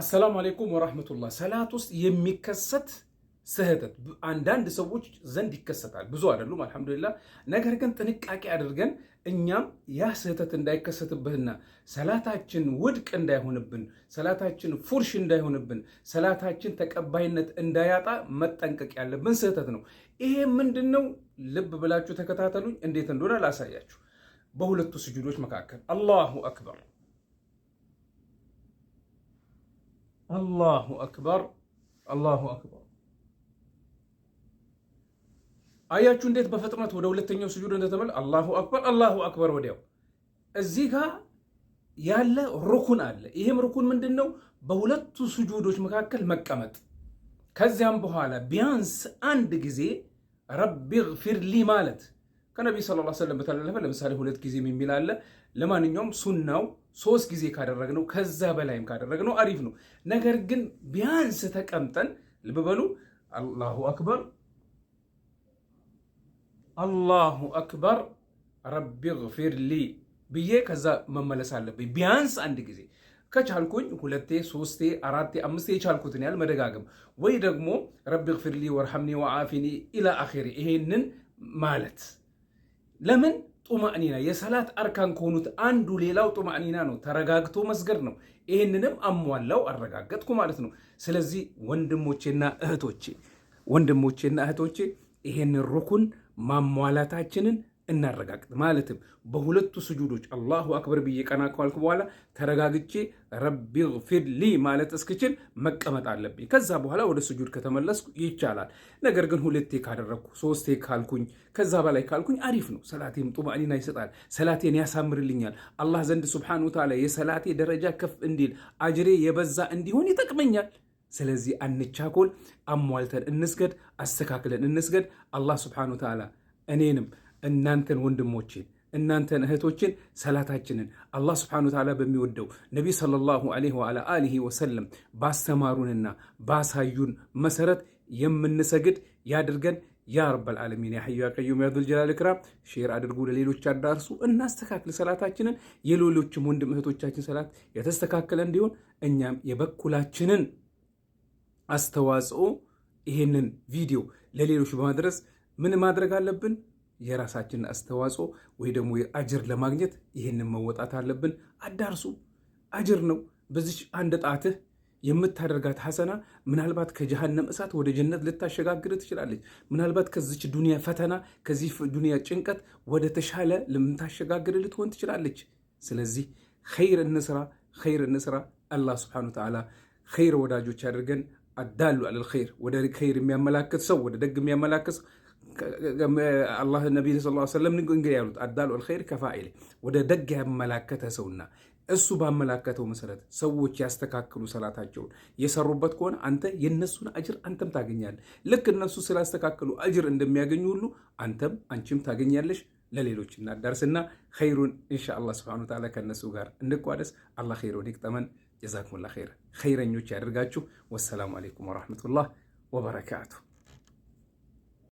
አሰላሙ አሌይኩም ወራህመቱላህ። ሰላት ውስጥ የሚከሰት ስህተት አንዳንድ ሰዎች ዘንድ ይከሰታል። ብዙ አይደሉም አልሐምዱሊላህ። ነገር ግን ጥንቃቄ አድርገን እኛም ያ ስህተት እንዳይከሰትብህና ሰላታችን ውድቅ እንዳይሆንብን፣ ሰላታችን ፉርሽ እንዳይሆንብን፣ ሰላታችን ተቀባይነት እንዳያጣ መጠንቀቅ ያለብን ስህተት ነው። ይሄ ምንድን ነው? ልብ ብላችሁ ተከታተሉኝ። እንዴት እንደሆነ ላሳያችሁ። በሁለቱ ስጁዶች መካከል አላሁ አክበር አላሁ አክበር አላሁ አክበር። አያችሁ እንዴት በፍጥነት ወደ ሁለተኛው ስጁድ እንደተመለ አላሁ አክበር አላሁ አክበር። ወዲያው እዚህ ጋር ያለ ሩኩን አለ። ይህም ሩኩን ምንድን ነው? በሁለቱ ስጁዶች መካከል መቀመጥ፣ ከዚያም በኋላ ቢያንስ አንድ ጊዜ ረቢ ግፊር ሊ ማለት ከነቢዩ ሰለላሁ ዐለይሂ ወሰለም በተላለፈ ለምሳሌ ሁለት ጊዜ የሚል አለ። ለማንኛውም ሱናው ሶስት ጊዜ ካደረግነው ከዛ በላይም ካደረግነው አሪፍ ነው። ነገር ግን ቢያንስ ተቀምጠን ልብ በሉ አላሁ አክበር አላሁ አክበር ረቢ ግፊር ሊ ብዬ ከዛ መመለስ አለብኝ። ቢያንስ አንድ ጊዜ ከቻልኩኝ ሁለቴ፣ ሶስቴ፣ አራቴ፣ አምስቴ የቻልኩትን ያህል መደጋገም ወይ ደግሞ ረቢ ግፊር ሊ ወርሐምኒ ወአፊኒ ኢላ አኺሪ ይሄንን ማለት ለምን ጡማእኒና የሰላት አርካን ከሆኑት አንዱ ሌላው ጡማእኒና ነው፣ ተረጋግቶ መስገድ ነው። ይህንንም አሟላው አረጋገጥኩ ማለት ነው። ስለዚህ ወንድሞቼና እህቶቼ ወንድሞቼና እህቶቼ ይህን ሩኩን ማሟላታችንን እናረጋግጥ። ማለትም በሁለቱ ስጁዶች አላሁ አክበር ብዬ ቀና ካልኩ በኋላ ተረጋግቼ ረቢ ግፊር ሊ ማለት እስክችል መቀመጥ አለብኝ። ከዛ በኋላ ወደ ስጁድ ከተመለስኩ ይቻላል። ነገር ግን ሁለቴ ካደረግኩ፣ ሶስቴ ካልኩኝ፣ ከዛ በላይ ካልኩኝ አሪፍ ነው። ሰላቴም ጡማኒና ይሰጣል፣ ሰላቴን ያሳምርልኛል። አላህ ዘንድ ስብሓነሁ ወተዓላ የሰላቴ ደረጃ ከፍ እንዲል አጅሬ የበዛ እንዲሆን ይጠቅመኛል። ስለዚህ አንቻኮል፣ አሟልተን እንስገድ፣ አስተካክለን እንስገድ። አላህ ስብሓነሁ ወተዓላ እኔንም እናንተን ወንድሞችን እናንተን እህቶችን ሰላታችንን አላህ ስብሐነ ወተዓላ በሚወደው ነቢ ሰለላሁ ዐለይሂ ወዐላ አሊሂ ወሰለም ባስተማሩንና ባሳዩን መሰረት የምንሰግድ ያድርገን። ያ ረበል ዓለሚን ያ ሐዩ ያ ቀዩም ያ ዙል ጀላል ሼር አድርጉ፣ ለሌሎች አዳርሱ። እናስተካክል ሰላታችንን፣ የሌሎችም ወንድም እህቶቻችን ሰላት የተስተካከለ እንዲሆን እኛም የበኩላችንን አስተዋጽኦ ይሄንን ቪዲዮ ለሌሎች በማድረስ ምን ማድረግ አለብን? የራሳችንን አስተዋጽኦ ወይ ደግሞ አጅር ለማግኘት ይህንን መወጣት አለብን። አዳርሱ አጅር ነው። በዚች አንድ ጣትህ የምታደርጋት ሐሰና ምናልባት ከጀሃነም እሳት ወደ ጀነት ልታሸጋግር ትችላለች። ምናልባት ከዚች ዱንያ ፈተና፣ ከዚህ ዱንያ ጭንቀት ወደ ተሻለ ልምታሸጋግር ልትሆን ትችላለች። ስለዚህ ኸይር እንስራ፣ ኸይር እንስራ። አላህ ስብሐነሁ ወተዓላ ኸይር ወዳጆች ያደርገን። አዳሉ አለል ኸይር ወደ ኸይር የሚያመላክት ሰው ወደ ደግ የሚያመላክት ሰው አላህ ነቢ ስ ዐለይሂ እንግዲህ ያሉት አዳሉ አልኸይር ከፋኢል ወደ ደግ ያመላከተ ሰውና እሱ ባመላከተው መሰረት ሰዎች ያስተካክሉ ሰላታቸውን የሰሩበት ከሆነ አንተ የነሱን አጅር አንተም ታገኛለህ። ልክ እነሱ ስላስተካከሉ አጅር እንደሚያገኙ ሁሉ አንተም አንቺም ታገኛለሽ። ለሌሎች እናዳርስና ኸይሩን ኢንሻአላ ስብሐነሁ ወተዓላ ከእነሱ ጋር እንቋደስ። አላህ ኸይሩን ይቅጠመን። ጀዛኩሙላህ ኸይር፣ ኸይረኞች ያደርጋችሁ። ወሰላሙ አለይኩም ወረሕመቱላህ ወበረካቱ